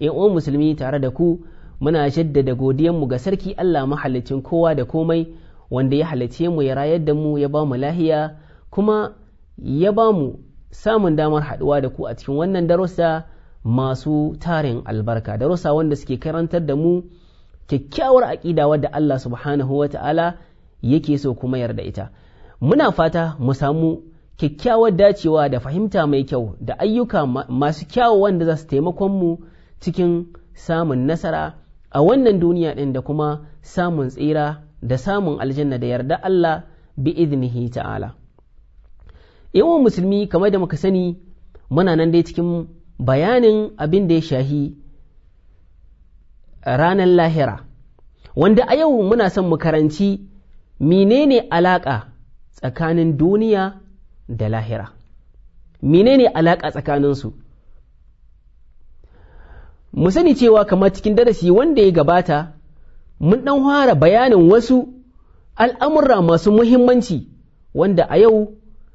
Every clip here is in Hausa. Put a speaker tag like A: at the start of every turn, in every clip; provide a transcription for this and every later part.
A: in uwan musulmi tare da ku muna shaddada godiyanmu ga sarki Allah mahallicin kowa da komai wanda ya halicce mu ya rayar da mu ya ba mu lahiya kuma ya ba mu samun damar haɗuwa da ku a cikin wannan darussa masu tarin albarka darussa wanda suke karantar da mu kyakkyawar aƙida wadda Allah subhanahu wa ta'ala yake so kuma yarda ita muna fata mu samu kyakkyawar dacewa da fahimta mai kyau da ayyuka masu kyawu wanda za su taimakon mu cikin samun nasara a wannan duniya ɗin da kuma samun tsira da samun aljanna da yarda Allah bi iznihi ta'ala yawan musulmi kamar da muka sani muna nan dai cikin bayanin abin da ya shahi ranar lahira wanda a yau muna son mu karanci menene alaƙa tsakanin duniya da lahira menene alaƙa tsakaninsu mu sani cewa kamar cikin darasi wanda ya gabata mun ɗan fara bayanin wasu al'amurra masu muhimmanci wanda a yau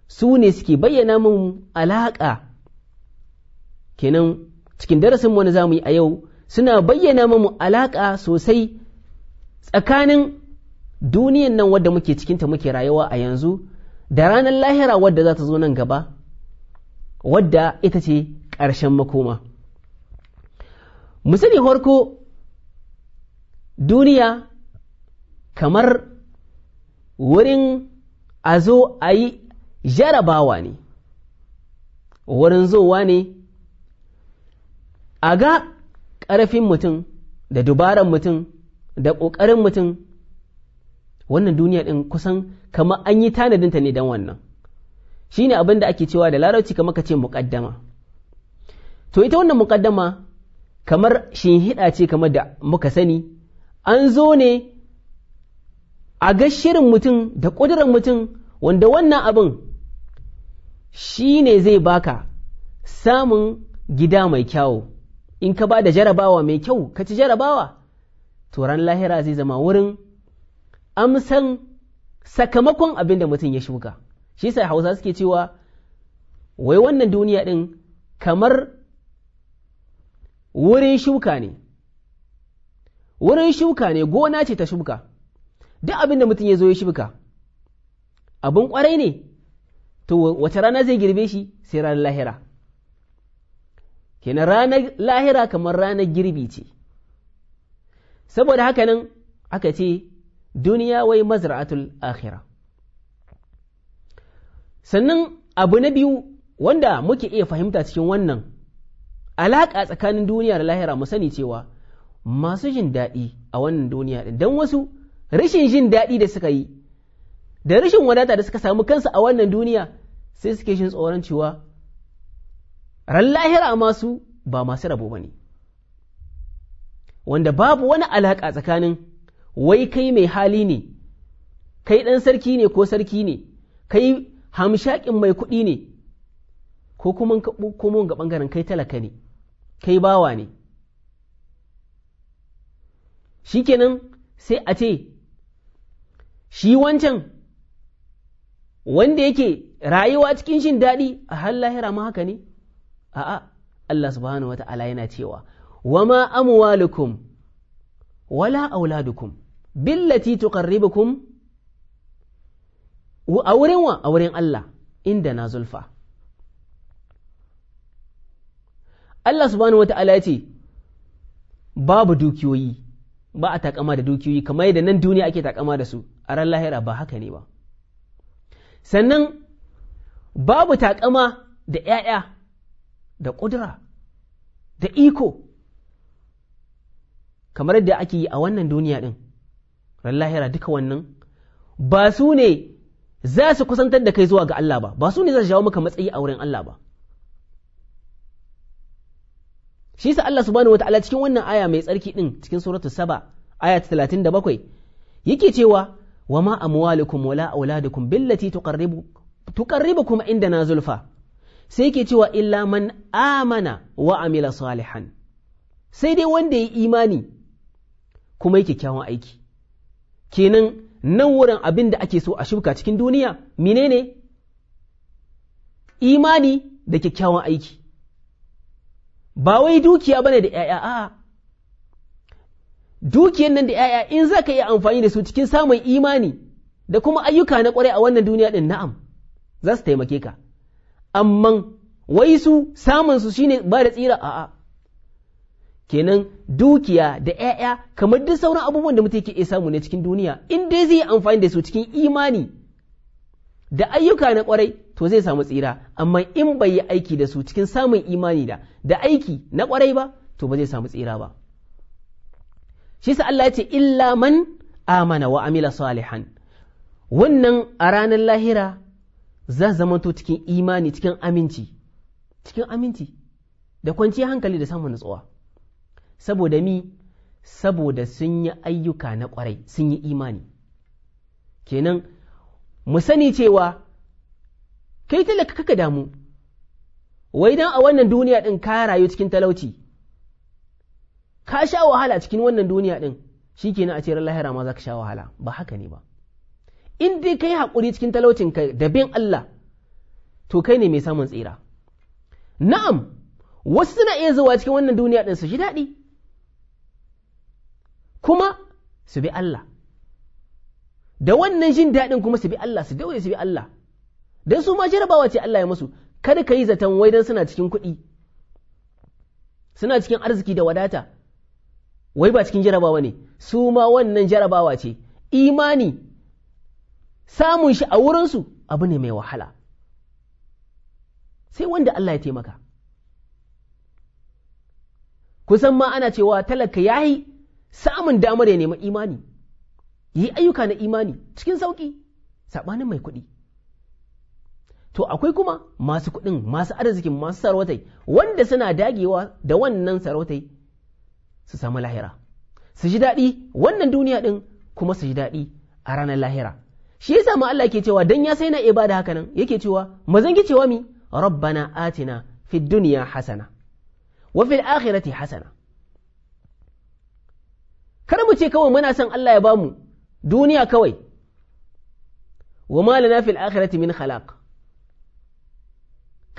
A: su ne suke bayyana min alaƙa kenan cikin darasin wani zamu yi a yau suna bayyana mun alaƙa sosai tsakanin duniyan nan wadda muke cikinta muke rayuwa a yanzu da ranar lahira wadda za ta zo nan gaba wadda ita ce ƙarshen makoma mu sani farko duniya kamar wurin a zo a yi jarabawa ne wurin zowa ne a ga ƙarfin mutum da dubaran mutum da ƙoƙarin mutum wannan duniya ɗin kusan kama an yi tanadinta ne don wannan shi ne abin da ake cewa da larabci kama ka ce muƙaddama to ita wannan muƙaddama kamar shinhiɗa ce kamar da muka sani an zo ne a ga shirin mutum da ƙudurin mutum wanda wannan abin shi ne zai baka samun gida mai kyawu in ka ba da jarabawa mai kyau ka ci jarabawa to lahira zai zama wurin amsan sakamakon abin da mutum ya shuka shi sai hausa suke cewa wai wannan duniya ɗin kamar wurin shuka ne wurin shuka ne gona ce ta shuka duk abin da mutum ya zo ya shuka abin kwarai ne to wace rana zai girbe shi sai ranar lahira kenan ranar lahira kamar ranar girbi ce saboda haka nan aka ce duniya wai mazra'atul akhira sannan abu na biyu wanda muke iya fahimta cikin wannan alaƙa tsakanin duniya da lahira mu sani cewa masu jin daɗi a wannan duniya ɗin don wasu rashin jin daɗi da suka yi da rashin wadata da suka samu kansu a wannan duniya sai suke jin tsoron cewa ran lahira masu ba masu rabo ba ne wanda babu wani alaƙa tsakanin wai kai mai hali ne kai ɗan sarki ne ko sarki ne kai hamshakin mai kuɗi ne ko kuma ga ɓangaren kai talaka ne kai bawa ne shikenan sai a ce shi wancan wanda yake rayuwa cikin shin daɗi a har lahira ma haka ne a'a Allah subhanahu wata'ala yana cewa wama amuwalukum wala auladukum billati tuqarribukum a wurin wa a wurin Allah inda na zulfa Allah subhanahu wata'ala ya ce babu dukiyoyi ba a takama da dukiyoyi kamar yadda nan duniya ake takama da su a ran lahira ba haka ne ba sannan babu takama da ‘ya'ya da ƙudura da iko kamar yadda ake yi a wannan duniya ɗin ran lahira duka wannan ba su ne za su kusantar da kai zuwa ga Allah ba ba su ne za su jawo maka matsayi a wurin Allah ba shi sa Allah subhanahu wataala cikin wannan aya mai tsarki din cikin suratu saba aya ta 37 yake cewa wa ma amwalukum wala auladukum billati tuqarribu tuqarribukum indana zulfa sai yake cewa illa man amana wa amila salihan sai dai wanda ya imani kuma yake kyawun aiki kenan nan wurin abin da ake so a shuka cikin duniya menene imani da kyakkyawan aiki ba wai dukiya bane da ‘ya'ya A'a dukiyan nan da ‘ya'ya in za ka iya amfani da su cikin samun imani da kuma ayyuka na ƙwarai a wannan duniya ɗin na'am za su taimake ka amman wai su samun su shine ba da tsira a'a kenan dukiya da ‘ya'ya kamar duk sauran abubuwan da mutum ke iya samu ne cikin duniya in dai zai yi amfani da su cikin imani da ayyuka na ƙwarai to zai samu tsira amma in bai yi aiki da su cikin samun imani da da aiki na kwarai ba to ba zai samu tsira ba shi sa Allah ya ce illa man amana wa amila salihan wannan a ranar lahira za zama to cikin imani cikin aminci cikin aminci da kwanci hankali da samun nutsuwa saboda mi saboda sun yi ayyuka na kwarai sun yi imani kenan mu sani cewa kai talaka kaka damu wai dan a wannan duniya din ka rayu cikin talauci ka sha wahala cikin wannan duniya din kenan a cerar lahira ma za ka sha wahala ba haka ne ba in dai kai haƙuri cikin talaucin ka da bin Allah to kai ne mai samun tsira na'am wasu suna iya zuwa cikin wannan duniya din su ji daɗi kuma su bi Allah da wannan jin daɗin kuma su bi Allah su daure su bi Allah dan su ma jarabawa ce Allah ya musu kada ka yi zaton wai dan suna cikin kuɗi suna cikin arziki da wadata wai ba cikin jarabawa ne su ma wannan jarabawa ce imani samun shi a wurinsu abu ne mai wahala sai wanda Allah ya taimaka kusan ma ana cewa talaka ya yi samun damar ya nemi imani yi ayyuka na imani cikin sauƙi saɓanin mai kuɗi to akwai kuma masu kuɗin masu arzikin masu sarautai wanda suna dagewa da wannan sarautai su samu lahira su ji daɗi wannan duniya ɗin kuma su ji daɗi a ranar lahira shi yasa mu Allah ke cewa dan ya sai na ibada haka nan yake cewa mazan ki cewa mi rabbana atina fid dunya hasana wa fil akhirati hasana kada mu ce kawai muna son Allah ya bamu duniya kawai wa malana fil akhirati min khalaq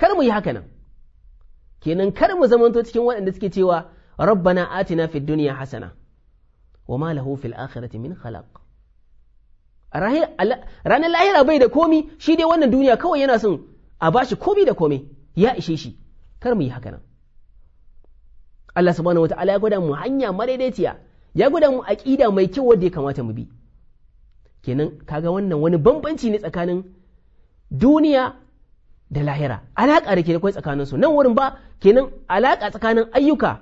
A: kar mu yi haka nan kenan kar mu zamanto cikin waɗanda suke cewa rabbana atina fid dunya hasana wa ma lahu fil akhirati min khalaq ranar lahira bai da komi shi dai wannan duniya kawai yana son a bashi komi da komi ya ishe shi kar mu yi haka nan Allah subhanahu wata'ala ya gwada mu hanya maraidaitiya ya gwada mu aqida mai kyau wanda ya kamata mu bi kenan kaga wannan wani bambanci ne tsakanin duniya da lahira alaƙa da ke tsakanin su. nan wurin ba kenan alaƙa tsakanin ayyuka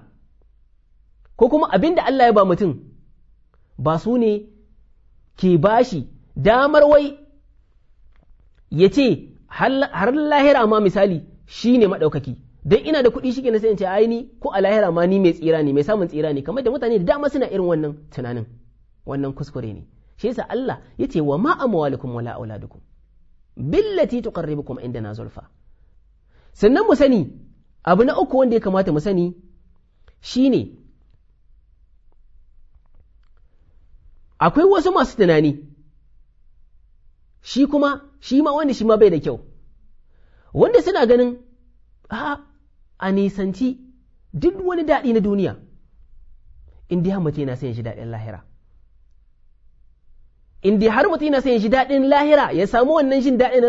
A: ko kuma abin da Allah ya ba mutum ba su ne ke ba shi. damar wai ya ce har lahira ma misali shi ne maɗaukaki don ina da kuɗi shi ke sai in ce aini ko a lahira ma ni mai tsira ne mai samun tsira ne kamar da mutane da dama suna irin wannan tunanin wannan kuskure ne shi yasa Allah ya ce wa ma amwalukum wala auladukum billati tuqarribukum indana zulfa sannan mu sani abu na uku wanda ya kamata mu sani shine akwai wasu masu tunani shi kuma shi ma wanda shi ma bai da kyau wanda suna ganin a nisanci duk wani daɗi na duniya in dai mace yana sayan shi daɗin lahira in dai har mutum yana son ya ji daɗin lahira ya samu wannan jin daɗin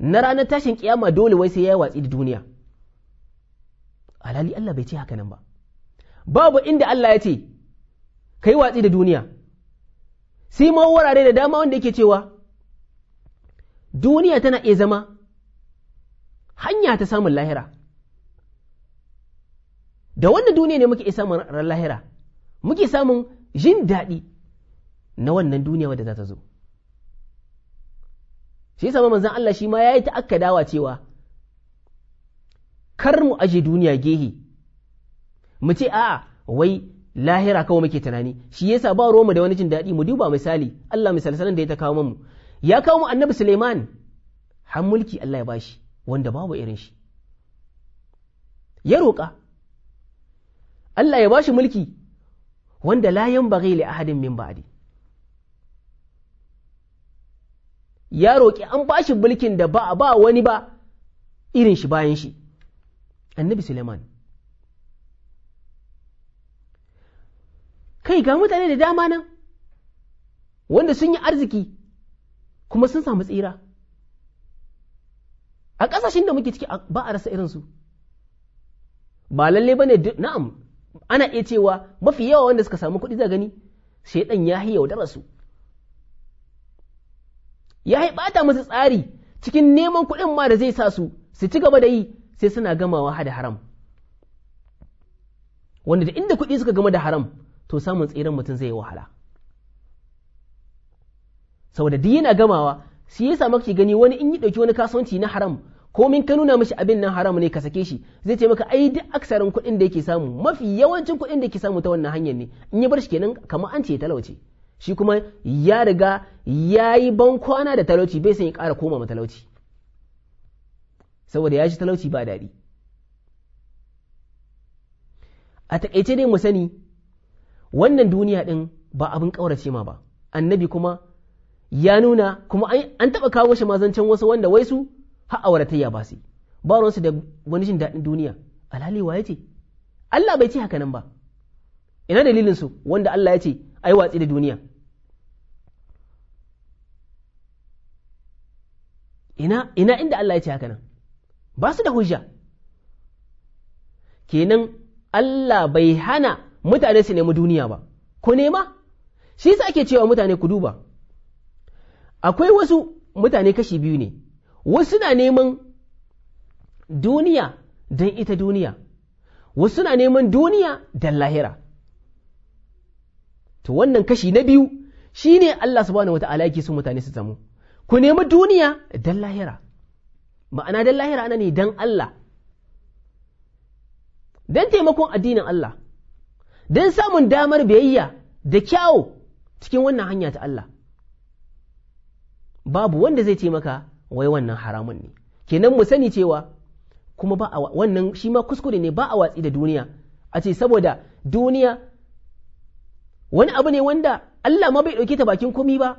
A: na ranar tashin kiyama dole wai sai ya yi watsi da duniya alali Allah bai ce haka nan ba babu inda Allah ya ce kai watsi da duniya sai ma wurare da dama wanda yake cewa duniya tana iya zama hanya ta samun lahira da wannan duniya ne muke samun lahira muke samun jin daɗi na wannan duniya wadda za ta zo shi yasa manzon Allah shi ma yayi ta'akkadawa cewa kar mu aje duniya gehe mu ce a'a wai lahira kawai muke tunani shi yasa ba ruwanmu da wani jin daɗi mu duba misali Allah misali sanan da ya ta kawo mu ya kawo mu annabi Suleiman har mulki Allah ya bashi wanda babu irin shi ya roƙa Allah ya bashi mulki wanda la yan baghi li ahadin min ba'di ya roƙi an ba shi mulkin da ba ba wani ba irin shi bayan shi annabi suleiman kai ga mutane da dama nan wanda sun yi arziki kuma sun samu tsira a ƙasashen da muke ciki ba a rasa irinsu ba lalle ba ne na'am ana iya cewa mafi yawa wanda suka samu kuɗi za gani shaidan ya hiya wadararsu su ya yi ɓata musu tsari cikin neman kuɗin ma da zai sa su su ci gaba da yi sai suna gamawa hada haram wanda da inda kuɗi suka gama da haram to samun tseren mutum zai yi wahala saboda duk yana gamawa shi yasa maka gani wani in yi ɗauki wani kasuwanci na haram ko min ka nuna mishi abin nan haram ne ka sake shi zai ce maka ai duk aksarin kuɗin da yake samu mafi yawancin kuɗin da yake samu ta wannan hanyar ne in ya bar shi kenan kamar an ce talauce shi kuma ya riga ya yi kwana da talauci bai san ya ƙara koma ma talauci saboda ya shi talauci ba daɗi a taƙaice dai mu sani wannan duniya ɗin ba abin ƙaurace ma ba annabi kuma ya nuna kuma an taɓa kawo shi mazancen wasu wanda wai su ha'auratayya ba su ba ruwansu da wani jin daɗin duniya alhali wa ya ce Allah bai ce haka nan ba ina dalilin su wanda Allah ya ce ai watsi da duniya ina ina inda Allah ya ce haka nan ba su da hujja kenan Allah bai hana mutane su nemi duniya ba ko nema shi yasa ake cewa mutane ku duba akwai wasu mutane kashi biyu ne wasu na neman duniya don ita duniya wasu na neman duniya don lahira to wannan kashi na biyu shine Allah subhanahu wata'ala yake so mutane su zamu ku nemi duniya dan lahira ma'ana dan lahira ana ne dan Allah dan taimakon addinin Allah dan samun damar biyayya da kyawo cikin wannan hanya ta Allah babu wanda zai taimaka wai wannan haramun ne kenan mu sani cewa kuma ba a wannan shi ma kuskure ne ba a watsi da duniya a ce saboda duniya wani abu ne wanda Allah ma bai ɗauke ta bakin komi ba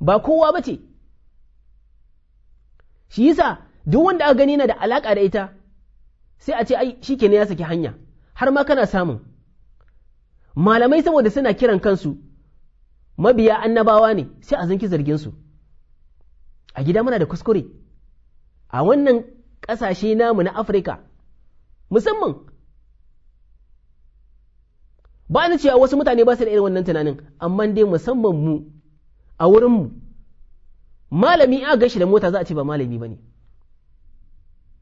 A: ba kowa bace. shi yasa duk wanda aka gani na da alaka da ita sai a ce ai shikenan ya saki hanya har ma kana samun malamai saboda suna kiran kansu mabiya annabawa ne sai a zanki zargin su a gida muna da kuskure a wannan ƙasashe namu na afirka musamman ba ni cewa wasu mutane ba su da irin wannan tunanin amma dai musamman mu a wurinmu malami a gashi da mota za a ce ba malami ba ne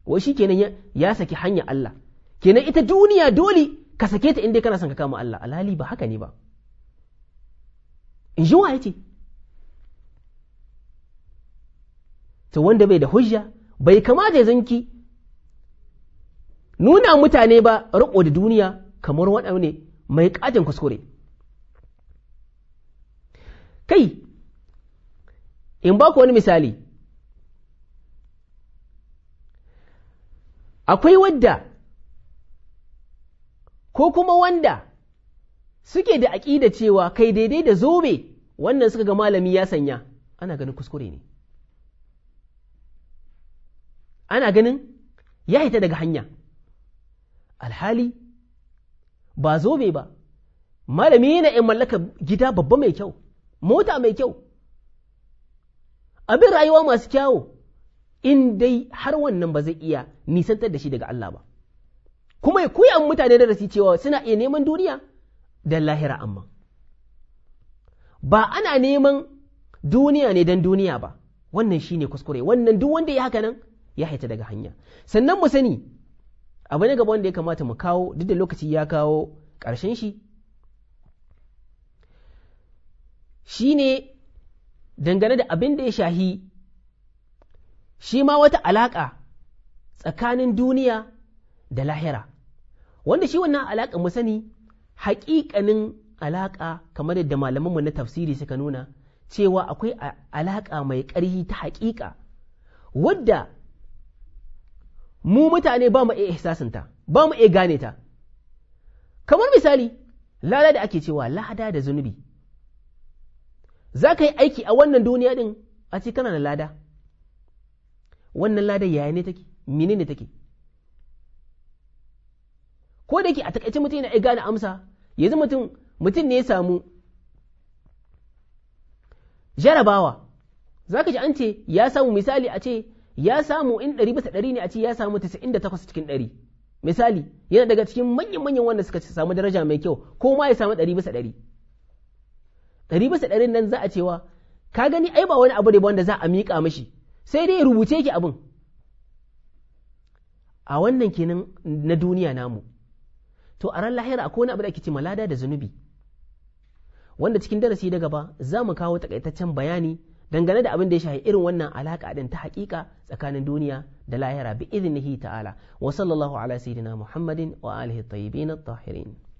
A: wai shi kenan ya saki hanya Allah kenan ita duniya dole ka sake ta inda kana son ka kama Allah alhali ba haka ne ba in ji ya ce to wanda bai da hujja bai kamata ya zanki nuna mutane ba riko da duniya kamar waɗanda mai ƙatin kuskure kai in ba ku wani misali akwai wadda ko kuma wanda suke da aƙida cewa kai daidai da zobe wannan suka ga malami ya sanya ana ganin kuskure ne ana ganin ya hita daga hanya alhali ba zobe ba malami yana in mallaka gida babba mai kyau mota mai kyau abin rayuwa masu kyawu in dai har wannan ba zai iya nisantar da shi daga Allah ba kuma ya koya mutane da rasi cewa suna iya neman duniya da lahira amma ba ana neman duniya ne don duniya ba wannan shi ne kuskure wannan duk wanda ya haka nan ya haita daga hanya sannan mu sani abu na gaba wanda ya kamata mu kawo duk da lokaci ya kawo ƙarshen shi Shi ne. dangane da abin da ya shahi shi ma wata alaƙa tsakanin duniya da lahira wanda shi wannan alaƙa mu sani haƙiƙanin alaƙa kamar yadda malamanmu na tafsiri suka nuna cewa akwai alaƙa mai ƙarfi ta haƙiƙa wadda mu mutane ba mu iya ihsasinta ba mu iya gane ta kamar misali lada da ake cewa lada da zunubi za ka yi aiki a wannan duniya ɗin a ce kana da lada wannan lada yaya ne take mini ne take ko da ke a takaice mutum yana gane amsa yanzu mutum mutum ne ya samu jarabawa za ka ji an ce ya samu misali a ce ya samu in ɗari bisa ɗari ne a ce ya samu tasa'in da takwas cikin ɗari misali yana daga cikin manyan manyan wanda suka samu daraja mai kyau ko ma ya samu ɗari bisa ɗari ɗari bisa ɗarin nan za a cewa ka gani ai ba wani abu ne ba wanda za a miƙa mashi sai dai ya rubuce ki abin a wannan kenan na duniya namu to a ran lahira akwai wani abu da ake ce lada da zunubi wanda cikin darasi da gaba za mu kawo takaitaccen bayani dangane da abin da ya shahi irin wannan alaƙa ɗin ta haƙiƙa tsakanin duniya da lahira bi idnihi ta'ala wa sallallahu ala sayyidina muhammadin wa alihi tayyibin at-tahirin